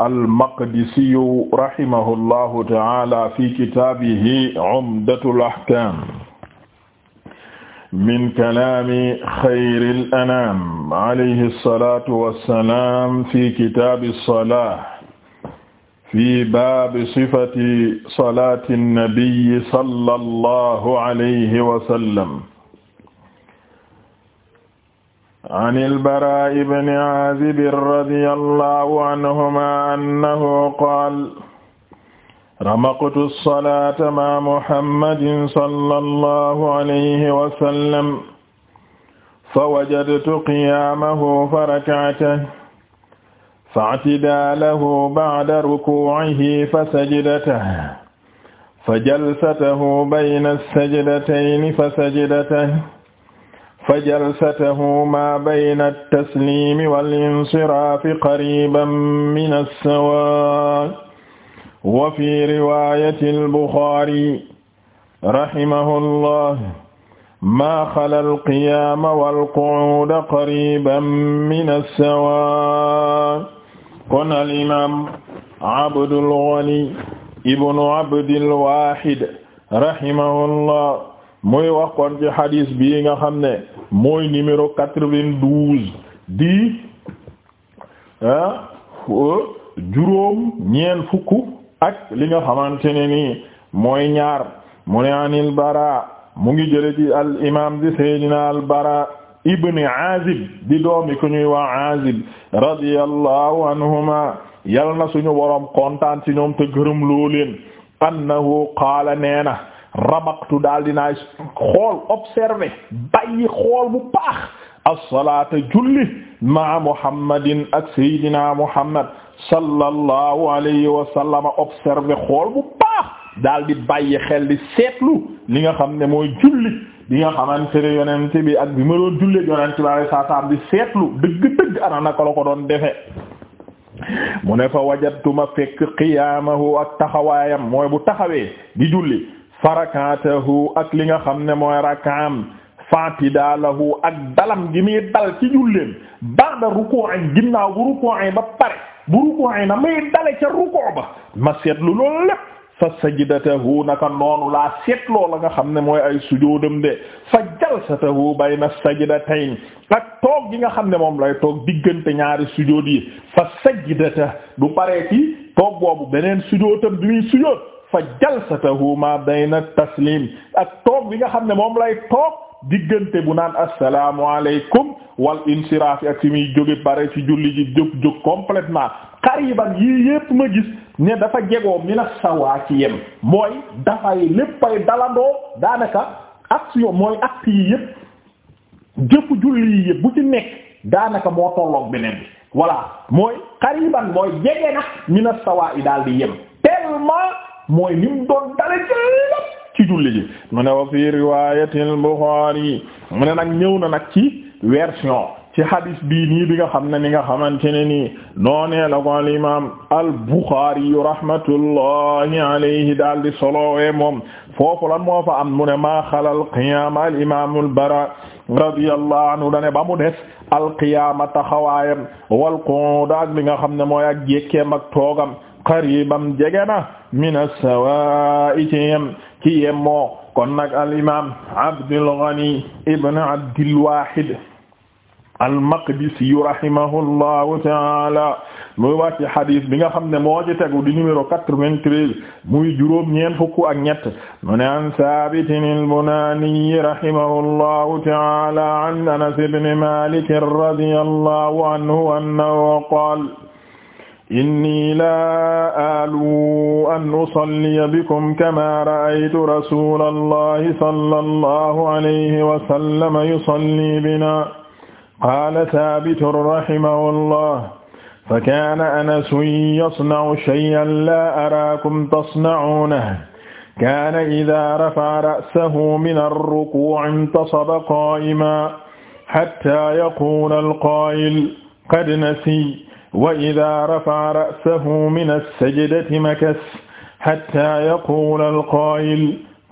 almaqdisiyu rahimahu llahu taala fi kitaabihi umdatul ahkaam min kalaami xayril anaam alayhi salaatu wa salaam fi kitaabi salaah fi baabi sifati salaati nabiyyi sallallahu alayhi wa sallam an al-Baraa ibn Aazib radiyallahu anhumaa annahu qaala ramaqtu as-salaata ma'a Muhammadin sallallahu alayhi wa sallam fawajadtu qiyaamahu farak'atahu fa'tidaalahu ba'da rukuu'ihi fasajadatahu fajalsatahu bayna as-sajdatayn fasajadatahu fa jalsatahu ma bayna altaslimi walinsirafi qariban min alsawa wa fi riwayati albuxaari rahimahu llah ma xala alqiyaama walqucuuda qariban min alsawa kon alimam abdulgani ibnu abdilwahid rahimahu llah muy wax kon ci hadis bii nga xam ne mooy numéro quatre-vingt-douze di ah, juróom ñeen fukk ak li nga xamante ne nii mooy ñaar mu ne anil bara mu ngi jële ci al imam di seydina al bara ibn azib di doomi ku ñuy waa azib radiyallahu anhuma yal na suñu boroom kontaan ci ñoom te gërëm loo leen annahu qaala neena rabaqtu daal dinaay xool observé bàyyi xool bu baax as-salaata julli maa muhammadin ak saydina muhammad sallallahu alayhi wa sallam xool bu baax daal di bàyyi xel di seetlu li nga xam ne mooy julli bi nga xamante ne yonent bi ak bi ma doon jullee yonent bi alayhi salaam di seetlu dëgg-dëgg ana naka la ko doon defee. mu ne fa wajatuma fekk qiyaamahu ak taxawaayam mooy bu taxawee di julli farakaatahu ak li nga xam ne mooy rakaam fatidaalahu ak dalam gi muy dal ci julleen ba'da ruku'in ginnaaw bu ruku'in ba pare bu ruku'in na muy dale ca ruku' ba ma seetlu loolu lépp fa sajdatahu naka noonu laa seetloo la nga xam ne mooy ay sujoodam de fa jalsatahu bayna sajdatayn ak toog gi nga xam ne moom lay toog diggante ñaari sujood yi fa sajdata du paree ci toog boobu beneen sujoodam bi muy sujood fa jalsatahu ma bayna taslim ak toog bi nga xam ne moom lay toog diggante bu naan assalaamu alaykum wal insiraaf ak si muy jóge pare ci julli ji jóg jóg complètement qariban yii yépp ma gis ne dafa jegoo mina sawaa ci yem mooy dafay léppay dalandoo daanaka action mooy acte yi yépp jëfu julli yi yépp bu ci nekk daanaka moo tolloog beneen bi voilà mooy qariban mooy jege na mina yi daal di yem tellement mooy lim doon dale jëpp ci julli ji mu ne wa fi riwayatil Bukhari mu ne nag ñëw na nag ci version ci hadis bii nii bi nga xam ne ni nga xamante ne nii noonee la ko al imam al Bukhari rahmatullahi alayhi daal di solowee moom foofu moo fa am mu ne xalal qiyaam al imam al Bara radiyallahu anhu dane ba mu des al qiyaama taxawaayam wal ko ak li nga xam ne mooy ak jékkeem ak toogam qariban jege na min as-sawaa'i ci yem ci yem moo kon nag al imaam Abdul Ghani ibn Abdil Waahid al-Maqdisi rahimahullahu ta'ala muy wax ci hadith bi nga xam ne moo ci tegu di numéro quatre-vingt-treize muy juróom ñeent fukk ak ñett mu ne an Saabitin al-Bunaani rahimahullahu ta'ala an Anas ibn Maalik radiyallahu anhu annahu qaala inni laa aalu an usalliya bikum kamaa ra'aytu rasuulallahi sallallahu alayhi wa sallam yusalli binaa qaala saabitun rahimahullah fakaana anasun yasna'u shay'an laa araakum tasna'uunahu kaana idaa rafa'a ra'sahu mina arrukuu'i intasaba qaa'iman hattaa yaquula alqaa'il qad nasiya wa idaa rafa'a ra'sahu mina as-sajdati makasa hattaa yaquula al-qaa'il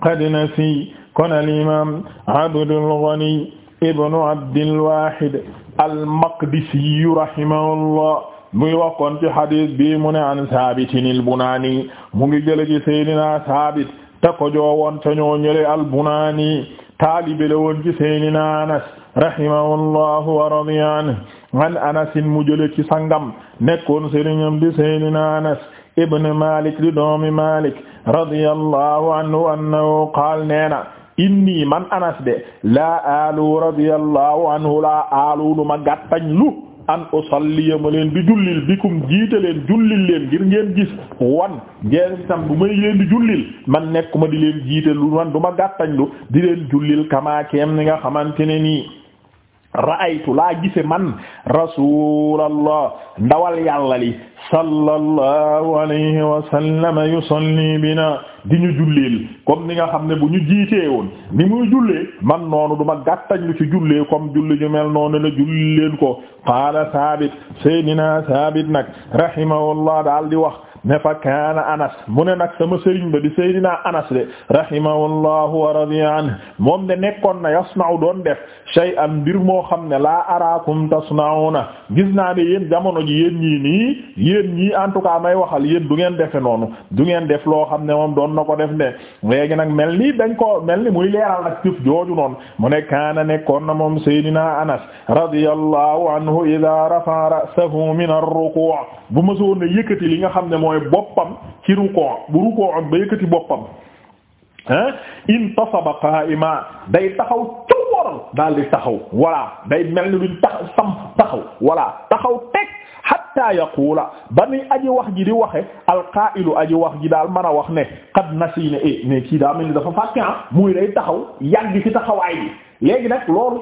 qad nasiya kon al-imaam Abdul Ghani ibn Abdil Waahid al-Maqdisi rahimahullah muy waxoon ci hadiis bi mu ne an Saabit al-Bunaani mu ngi jële ci Seydina Saabit ta ko joowoon ta ñoo ñële al-Bunaani taalibe la woon ci Seydina Anas rahimahullah wa radiya anhu an anasin mu jële ci sangam nekkoon sëriñam di sayyidina anas ibn malik di doomi malik radiyallahu anhu annahu qaal neena inni man anas de laa alu radiyallahu anhu laa alu lu ma gàttañ lu an usalliya ma leen di jullil bikum jiite leen jullil leen ngir ngeen gis wan ngeen tam bu may leen di jullil man nekk di leen jiite lu man du ma lu di leen jullil kamaakeem ni nga xamante ne nii ra'aytu laa gise man rasulallah ndawal yàlla li sallallahu alayhi wa sallam yusalli bina di ñu julleel comme ni nga xam ne bu ñu jiitee woon ni muy jullee man noonu duma gàttañ lu ci jullee comme julli ju mel noonu la julleel ko qaala Saabit Seydina Saabit nag rahimahullah daal di wax ne fa kaana anas mu ne nag sama sëriñ ba di seydina anas de rahimahullahu wa radiya anhu moom de nekkoon na yasna'u doon def shay'an mbir moo xam ne laa araakum tasna'una gis naa ne yéen jamono ji yéen ñii nii yéen en tout cas may waxal yéen du ngeen defe noonu du ngeen def loo xam ne moom doon na ko def ne léegi nag mel ni dañ ko mel ni muy leeral ak jëf jooju noonu mu ne kaana nekkoon na moom seydina anas radiyallahu anhu idha rafa'a ra'sahu min ar bu ma soon yëkkati li nga xam ne mooy boppam ci rukkoo bu rukkoo am ba yëkkati boppam hein intasaba qaa'ima day taxaw ci waral daal di taxaw voilà day mel ni duñ taxaw sam taxaw voilà taxaw teg hatta yaqula ba ni aji wax ji di waxe alqaa'ilu aji wax ji daal mara wax ne qad nasiina ne eh, kii daa mel ni dafa fàtte ah muy day taxaw yàgg ci taxawaay bi léegi nag loolu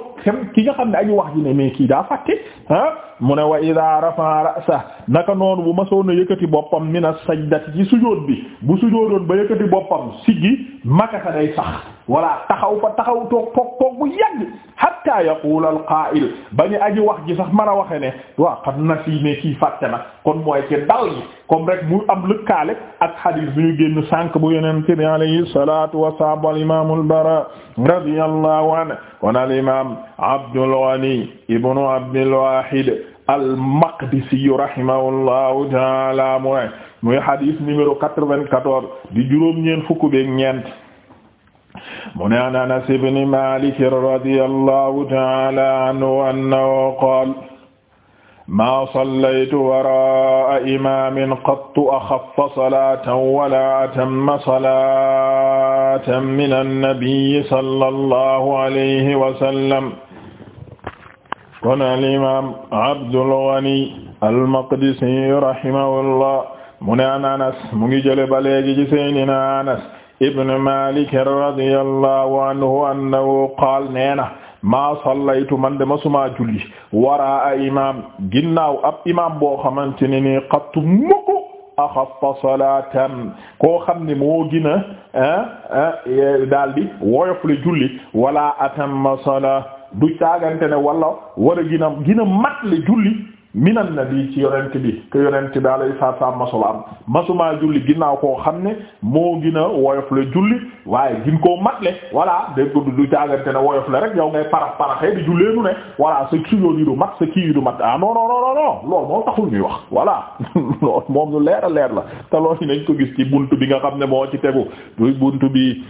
ki nga xam ne añu wax ji ne mais kii daa fàtte ah mu ne wa ida rafa sa naka noonu bu ma soon a yëkkati boppam mina sajdati ci sujóot bi bu sujóotoon ba yëkkati boppam siggi makasa day sax wala taxaw fa taxaw toog toog toog bu yàgg hatta yaqul al qaa'il bañu aji wax ji sax mën a waxe ne waaw xam na fii ne kii fàtte na kon mooy ci dal gi rek mu am lëkkaale ak hadith bi ñu génn sànq bu yonente bi alayhi salatu wasalaam wal imam al al imam abdul ghani ibnu abdul wahid al maqdisi rahimahullahu taala mooy muy hadith numéro quatre-vingt-quatorze di juróom ñeent fukk beek ñeent mu ne an Anas ibn Malik radiyallahu ta'ala anhu annahu qaala maa sallaytu waraa'a imaamin qattu axaffa salaatan walaa atamma salaatan mina nabiyyi sallallahu alayhi wa sallam kon al-imaam Abdul Ghani al-Maqdisi rahimahullah mu ne an Anas mu ngi jële ba léegi ci Seydina Anas ibn Malik radiyallahu anhu annahu qaal neena maa sallaytu man de masumaa julli waraa imaam ginnaaw ab imaam boo xamante ne nii qattu mukk axaffa salaatan koo xam ne moo gën a ah, ah, daldi woyof le julli wala atamma salaa du caagante ne wala war a gën a gën a mat le julli minan nabi ci yonent bi que yonent bi alayhi salaatu salaam masulaam masumaa julli ginnaaw koo xam ne moo gën a woyof la julli waaye gin koo mat le voilà dégg nga du jaagante ne woyof la rek yow ngay parax paraxee di jullee nu ne voilà sa sujjóot yi du mat sa kii yi du mat ah non non moom taxul ñuy wax voilà moom lu leer a leer la te loolu nañ ko gis ci buntu bi nga xam ne moo ci tegu buntu bi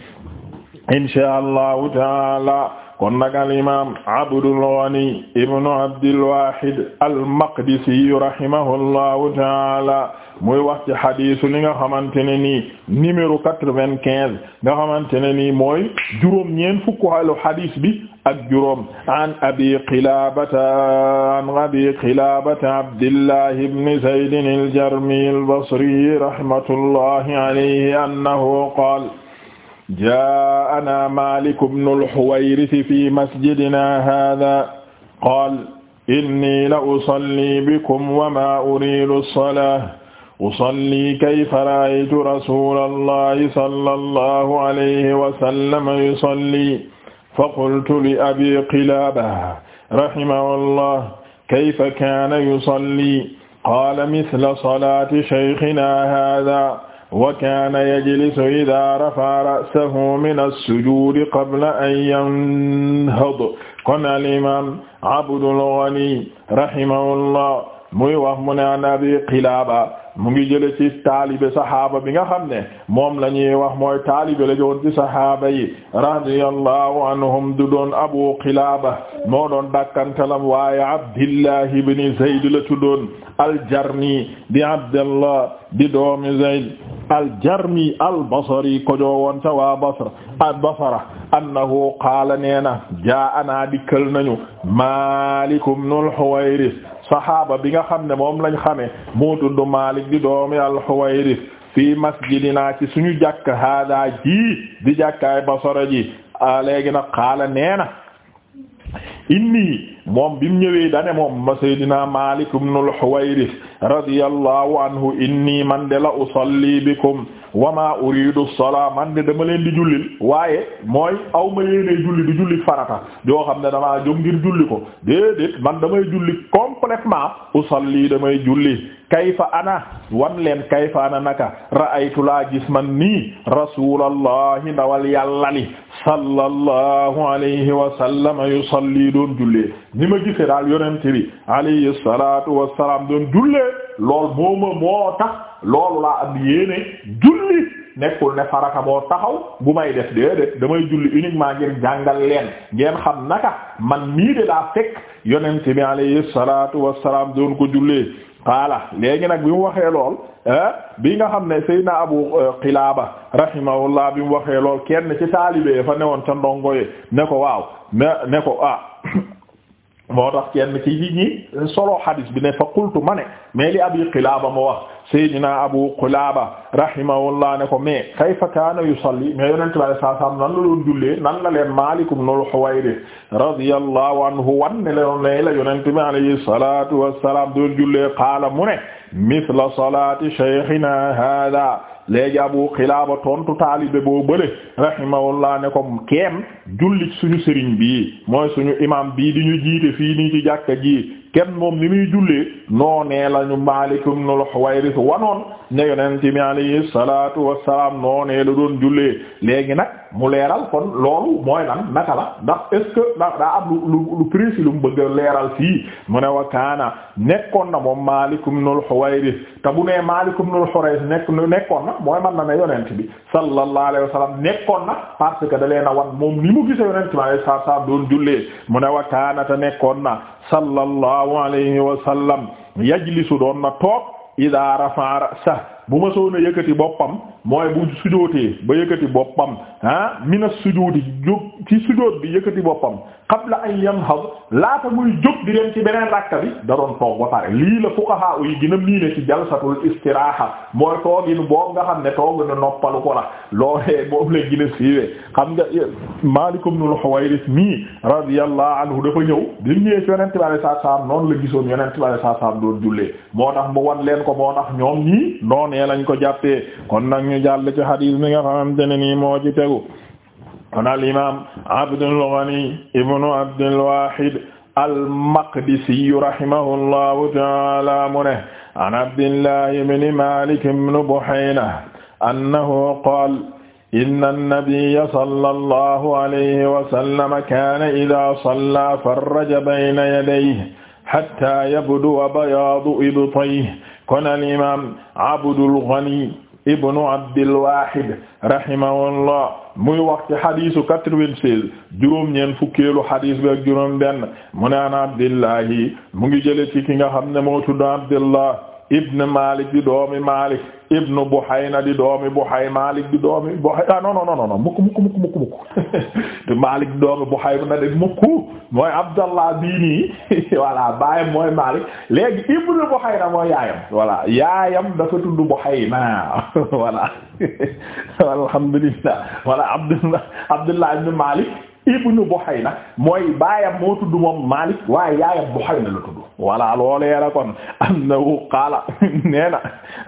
insha allahu taala. kon nag al imaam Abdul Ghani ibnu Abdil Wahid al-Maqdisi rahimahullahu taala muy wax ci xadiisu li nga xamante ne nii numéro quatre-vingt-quinze nga xamante ne nii mooy juróom ñeent fukk alu xadiis bi ak juróom an abi qilaabata an abi qilaabata abdillahi ibni zaydin al-Jarmi al-Basri rahmatullahi alayhi annahu qaala jaa'anaa Maalik ibnu al-Huwayrith fii masjidinaa haazaa qaala innii la usallii bikum wa maa uriidu as-salaata usallii kayfa ra'aytu rasuulallaahi sallallaahu alayhi wa sallam yusallii faqultu li abii qilaaba rahimahullaah kayfa kaana yusallii qaala mithla salaati shaykhinaa haazaa wa kaana yajlisu idaa rafaa ra'sahu min as-sujuudi qabla an yanhad kon al imaam Abdul Ghani rahimahullah muy wax mu ne an Abi Qilaaba mu ngi jële ci taalibe sahaaba bi nga xam ne moom la ñuy wax mooy taalibe la joon ci sahaaba yi du doon abu qilaaba moo doon dakkantalam waaye abdillah ibn zayd la tuddoon aljarmi di abdallah di doomi zayd aljarmi albasri ko joowoon waa basra al basra annahu qaala nee na nañu maalik ibn al saxaaba bi nga xam ne moom lañ xamee mu tudd Maalik di doomi al-Huwayrith fii masjidinaa ci suñu jàkk hada ji di jàkkaay Basra ji ah, léegi nag xaala nee inni moom bi mu ñëwee dane moom ma seydina Maalik ibn al-Huwayrith inni man de la usalli bikum wa ma uridu salaa man de dama leen di jullil waaye mooy aw ma yéenee julli di julli farata yoo xam ne dama jóg ngir julli ko déedéet man damay julli complètement usalli damay julli kayfa ana wan leen kayfa ana naka ra'aytu laa gis man nii rasuulallahi ndawal yàlla li sallallahu alayhi wa sallam yusalli doon jullee ni ma gisee daal yonent bi alayhi salatu wasalaam doon jullee lool mooma moo tax loolu laa am yéene julli nekkul ne faraka moo taxaw bu may def déedéet damay julli uniquement ngir jàngal leen ngeen xam naka man nii de daa fekk yonent bi alayhi salatu wasalaam doon ko jullee voilà léegi nag bi mu waxee lool ah, bi nga xam ne Seydina Abu euh, Qilaaba rahimahullah bi mu waxee lool kenn ci taalibe fa woon ca ndongo yi ne ko waaw ne ne ko ah moo tax kenn ci ñi solo hadis bi ne fa qultu ma ne mais li abi qilaaba mu wax sayyidina abu qilaaba rahimahullah ne ko mais kayfa kaana yusalli mais yonente bi alei saa salaam nan la doon jullee nan la leen Maalik ibn al-Huwayrith radiyallahu anhu wan ne lanoon lay la yonente bi alayhi salatu wassalam doon jullee qaala mu ne mithla salati shaykhina hada léegi abu xilaaba tontu taalibe boo bële rahimahullah ne ko keem jullit suñu sëriñ bi mooy suñu imam bii di ñu jiite fii nii ci jàkka ji kenn moom ni muy jullee noonee lañu Maalik ibn al-Huwayrith wanoon ne yonent bi alayhi salaatu wassalaam noonee la doon jullee léegi nag mu leeral kon loolu mooy lan naka la ndax est-ce daa am lu lu lu précis lu mu bëgg leeral fii mu ne wa kaana nekkoon na moom Maalik ibn al-Huwayrith te bu nee Maalik ibn al-Huwayrith nekkoon na mooy man na ne yonent bi sallallahu alayhi wa sallam nekkoon na parce que da a wan moom ni mu gisee yonent bi alayhi salaatu doon jullee mu ne wa kaana te nekkoon na sallallahu alayhi wa sallam yajlisu doon na bu ma soona yëkkati boppam mooy bu sujootee ba yëkkati boppam ah mina sujooti jóg ci sujoot bi yëkkati boppam ay an yanhad laata muy jóg di dem ci beneen rakka bi da doon toog ba pare lii la fuqaha yi gën a miine ci jalsatul istiraaha mooy toogin boobu nga xam ne toogu na noppalu ko la loolee boobu la gën a siiwee xam nga eh, Maalik ibn al-Huwayrith mi radiyallahu anhu dafa ñëw di ñëwee ci yonent bi sallallahu alayhi wasallam noonu la gisoon yonent bi sallallahu alayhi wasallam doon jullee moo tax mu wan leen ko moo tax ñoom noonee lañ ko jàppee kon nag ñu jàll ci hadis bi nga xamante ne nii moo ci tegu kon al imam Abdul Ghani ibnu Abdul Wahid al-Maqdisi rahimahullahu taala mu ne an Abdillah ibn Malik ibn Buhayna annahu qaala inna nabiyya sallallahu alayhi wa sallam kaana idaa sallaa farraja bayna yadayhi hattaa yabduwa bayaadu ibtayhi kon al imam Abdul Ghani ibnu Abdil Wahid rahimahullah muy wax ci xadisu quatre-vingt-seize juróom-ñeent fukkeelu xadis bi ak mu an Abdillahi mu ngi jële ci ki nga xam ne moo tudd Abdillah ibn Malik di doomi Malik ibn Buhayna di doomi Buhay Malik di doomi Buhay ah non non non non mukk mukk mukk mukk mukk te Malik di doomi Buhay na de mukk mooy Abdallah bii nii voilà baayam mooy Malik léegi ibn Buhayna mooy yaayam voilà yaayam dafa tudd Buhayna voilà alhamdulillah voilà Abdullah Abdullah ibn Malik ibnu Buhayna mooy baayam moo tudd moom Malik waaye yaayam Buhayna la tudd voilà loolee la kon annahu qaala nee na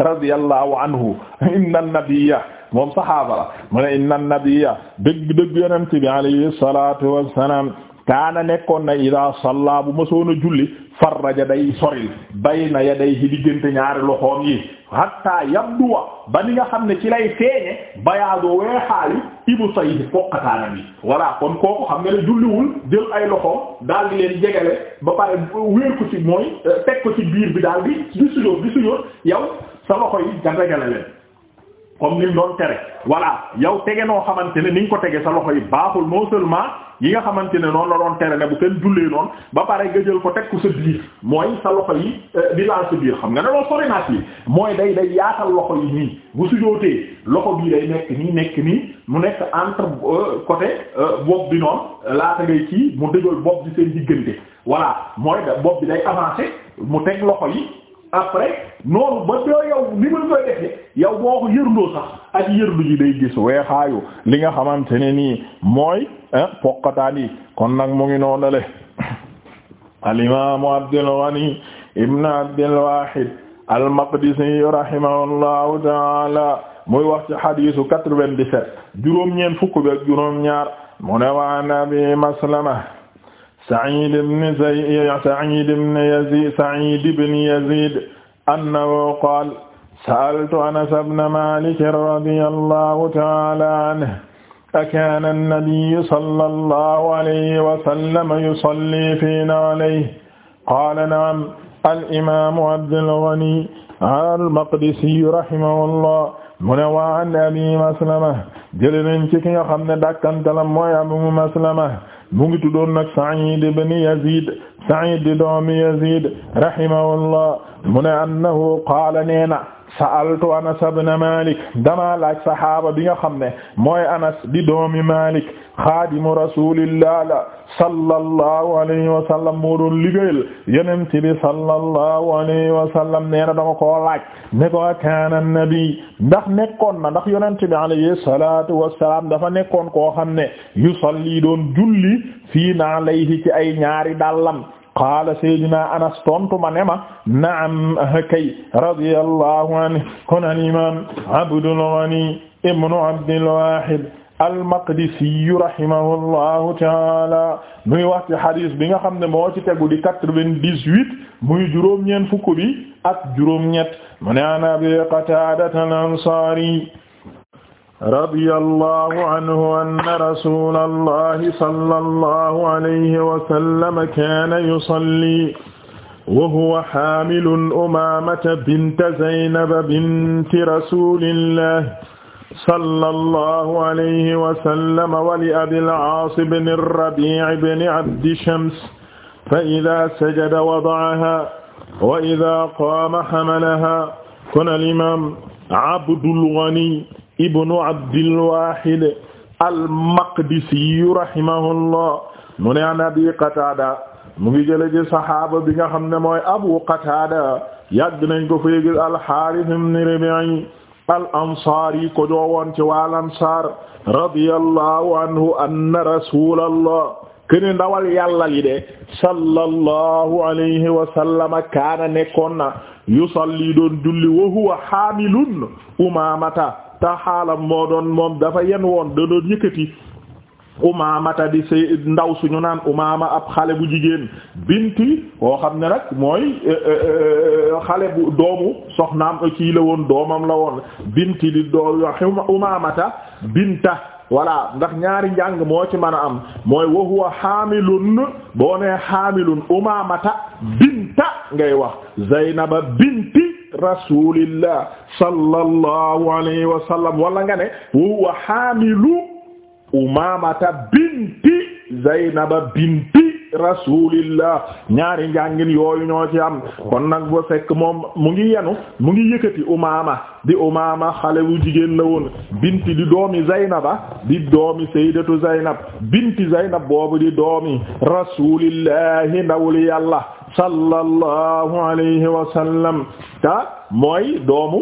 radiyallahu anhu inna nabiyya moom sahaaba la mu ne inna nabiyya dëgg dëgg yonent bi alayhi salatu wassalam kaana nekkoon na ida salla bu mësoon a julli farraja day soril bayna yadayhi diggante ñaari loxoom yi hatta yabduwa ba ni nga xam ne ci lay feeñe bayaadu weexaali ibu say foqataana bi voilà kon kooku xam nga ne julliwul jël ay loxoom daal di leen jegele ba pare wéer ko ci mooy euh, teg ko ci biir bi daal di di sujóot di yow sa loxo yi nga leen comme ni mu tere voilà yow tege noo xamante ne ni nga ko tege sa loxo yi baaxul non seulement yi nga xamante ne noonu la doon tere ne bu kenn jullee noon ba pare nga jël ko teg ko sa biir mooy sa loxo yi euh, di laal sa biir xam nga ne loolu sori naa mooy day day yaatal loxo yi nii bu sujootee loxo bii day nekk nii nekk nii mu nekk entre euh, côté euh, bopp bi noonu laata ngay kii mu dëjal bopp bi seen diggante voilà mooy da bopp bi day avancer mu teg loxo yi. après noonu ba doo yow li ma koy defee yow boo ko yërloo sax ak yërlu ji day gis weexaayu li nga xamante ne nii mooy pokataan yi kon nag mu ngi noonu le al imaamu Abdul Ghani ibn Abdul Wahid al Maqdisi rahimahullahu taala muy wax ci xadiisu quatre juróom ñeent fukk bi juróom-ñaar mu ne waa Nabi Maslama Saïd ibn Saïd ibn Yazid Saïd ibn Yazid annahu qaala sa'altu Anas ibn Maalik radiyallahu ta'aala anhu akaana an-nabiyyu sallallahu alayhi wa sallam yusalli fiinaa alayhi qaala na'am al-imaamu Abdul Ghani al-Maqdisi rahimahullah mu ne wa an Abi Maslama jël nañ ci ki nga xam ne dàkkantalam mooy Abu Maslama mu ngi tuddoon nag Sa'id ibn Yazid Sa'id doomi Yazid rahimahullah mu ne annahu qaala neena sa'altu Anas ibn Malik dama laaj saxaaba bi nga xam ne mooy Anas di doomi Malik xaadimu rasulillah la sallallahu alayhi wa sallam moo doon liggéeyal yonent bi sallallahu alayhi wa sallam na dama koo laaj ne ko kaana nabi ndax nekkoon na ndax yonent bi alayhi salatu wasalaam dafa nekkoon koo xam ne yusalli doon julli fii na alayhi ci ay ñaari dàllam qaala sayyidina anas tontu ma ne ma naam kay radiyallahu anhu kon al imam abdul ghani ibnu abdil wahid almaqdisiyu rahimahullahu taala muy wax ci xadis bi nga xam ne moo ci tegu di quatre-vingt-dix-huit muy juróom-ñeent fukk bi ak juróom-ñett mu ne an abi qataadata al ansari radiyallahu anhu anna rasulallahi sallallahu alayhi wa sallam kaana yusalli wa huwa haamilun umaamata binta zaynab binti rasulillahi sallallahu alayhi wa sallam wa li abil aas ibn ar-rabii' ibn abdi shams fa idaa sajada wada'ahaa wa idaa qaama hamalahaa kon al imaam Abdul Ghani ibnu abdilwahid almaqdisiyu rahimahullah mu ne an abi qatada mu ngi jële ci sahaaba bi nga xam ne mooy abu qatada yàgg nañ ko féegis alxaaris ibn ribi'i al ansaari ko joowoon ci wal ansaar radiyallahu anhu anna rasulallah kene ndawal yàlla li de sallallahu alayhi wa sallama kaana nekkoon na yusalli doon julli wa huwa haamilun umamata ta xaalam moo doon moom dafa yenn woon da doon yëkkati umaamata di si ndaw suñu naan umaama ab xale bu jigéen binti koo xam ne nag mooy eh, eh, eh, xale bu doomu soxnaam kii la woon doomam la woon binti di doo umaamata binta voilà ndax ñaari njàng moo ci man a am mooy wa huwa xaamilun boo nee xaamilun umaamata binta ngay wax zaynaba binti rasulillah sallallahu alayhi wa sallam wala nga ne huwa hamilu umamata binti zaynaba binti rasulillah ñaari njàngin yooyu ñoo ci am kon nag ba moom mu ngi yenu mu ngi yëkkati umaama di umaama xale wu jigéen la woon binti di doomi zaynaba di doomi sayyidatu zaynab binti zaynab boobu di doomi rasulillahi ndawli yàlla sallallahu alayhi wa sallam ta mooy doomu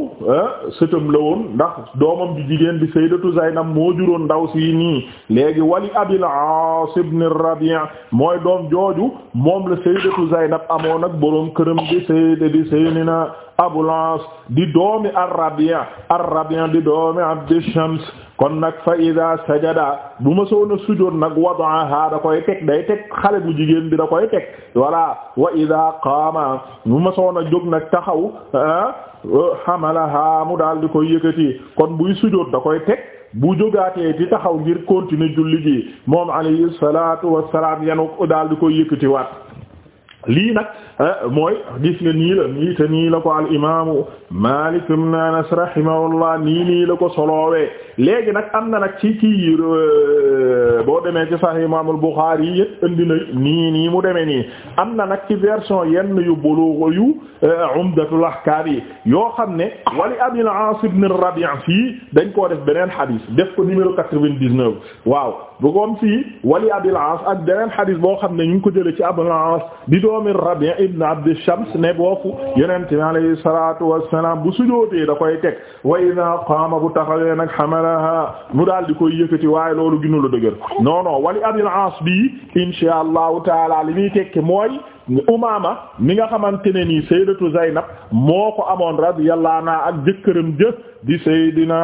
sëtam la ndax doomam di jigéen bi sayyidatu Zaynab moo juróon ndaw si nii léegi wali abil Aas ibn Rabi' mooy doom jooju moom la sayyidatu Zaynab amoo nag boroom këram di sayyida di sayyidina na Aas di doomi ar-Rabi' ar-Rabi' di doomi Abd Shams kon nag fa ida sajada bu ma soon a sujoot nag wadaaha da koy teg day teg xale bu jigéen bi da koy teg wala wa ida qaama bu ma soon a jóg nag taxaw ah, hamalaha mu daal di koy yëkkati kon buy sujoot da koy teg bu jógaatee di taxaw ngir continuer julli ji moom alayhi salatu wassalam yanu daal di koy yëkkati waat lii nag ah, mooy gis nga nii la ko al imaamu Maalik ibn Anas rahimahullah nii nii la ko solowee léegi nag am na nag ci kii euh, boo demee ci Sahih Imam al-Bukhari yi yëpp indi na nii nii mu demee nii am na nag ci version yenn yu Bulugh yu euh, Umdatul Ahkam yi yoo xam ne wali Abil As ibn Rabi' fii dañ koo def beneen xadis def ko numéro quatre-vingt-dix-neuf waaw bu koom fii wali Abil As ak beneen xadis boo xam ne ñu ngi ko jëlee ci Abul As di doomi Rabi' ibn Abd Shams ne boofu Yonent bi alayhi salaatu wassalaam bu sujootee da koy teg wa idha qaama bu taxawee nag xamala anha mu daal di koy yëkkati waaye loolu gënu la dëgër non non wali abil as bi insha allahu taala li muy tekki mooy Umaama mi nga xamante ne nii sayyidatu Zaynab moo ko amoon radiyallahu anha ak jëkkëram jë di sayyidina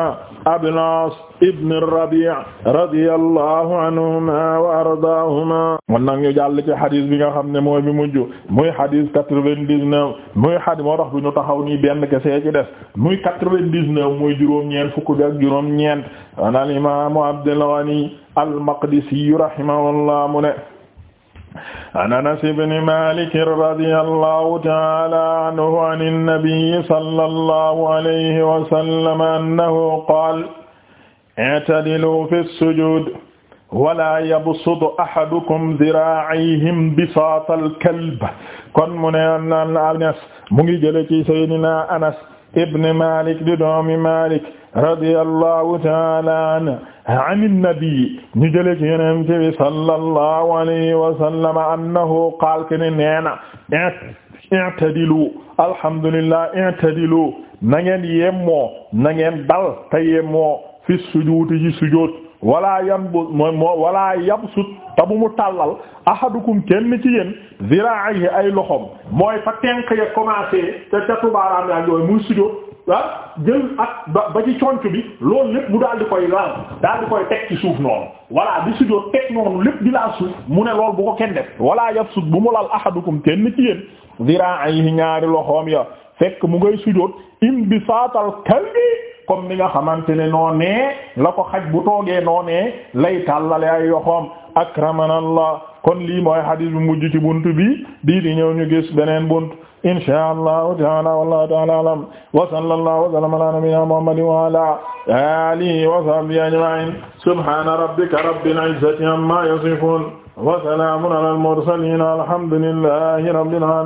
Abnas ibn Rabi' radiyallahu anhuma wa ardaahuma man nag ñu jàll ci xadis bi nga xam ne mooy bi mujj muy xadis quatre-vingt-dix-neuf muy xadis moo tax bi taxaw nii benn kese ci des muy quatre-vingt-dix-neuf muy juróom-ñeent bi ak juróom-ñeent an al imaamu Abdul Ghani al-Maqdisi rahimahullah mu ne an anas ibni malik radiyallahu taala anhu an annabiyi sallallahu alayhi wa sallam annahu qaala i'tadilu fi sujud wala yabsutu ahadukum diraa'ayhim bisaatal kalb kon mu ne an anas mu ngi jële ci sayyidina anas ibni malik di doomi malik radiyallahu taala anhu an nabi ñu jëlee ci yonent bi sallallahu alayhi wa sallam annahu qaal ke ne neena i'tadilu alhamdulillah i'tadilu na ngeen yemmoo na ngeen dal te yemmoo fi sujuuti ji sujuut wala yambu moo wala yabsut te bu mu tàllal ahadukum kenn ci yéen ziraahi ay loxom mooy fa tenq ya commencé te catu baaraam yaa ngi muy sujuut ah jël ak ba ba ci conc bi loolu lépp mu daal koy laal daal koy teg ci suuf noonu voilà di sujjóot teg noonu lépp di laa suuf mu ne loolu bu ko kenn def wala yafsud bu mu lal ahadukum kenn ci yéen ziraa'ihi ñaari loxoom ya fekk mu ngay sujjóot imbisaatal kalbi comme ni nga xamante ne noonee la ko xaj bu toogee noonee lay tàllale ay yoxoom akramanallah kon lii mooy hadis bu mujj ci bunt bi di ñëw ñu gis beneen bunt inshaa Allahu ta'aala wallahu ta'aala a'lam wa sallallahu wa sallama ala nabiyyina Muhammadin wa ala aalihi wa sahbihi ajma'iin subhaana rabbika rabbil izzati amma yasifuun wa salaamun ala al-mursaliin alhamdulillahi rabbil aalamiin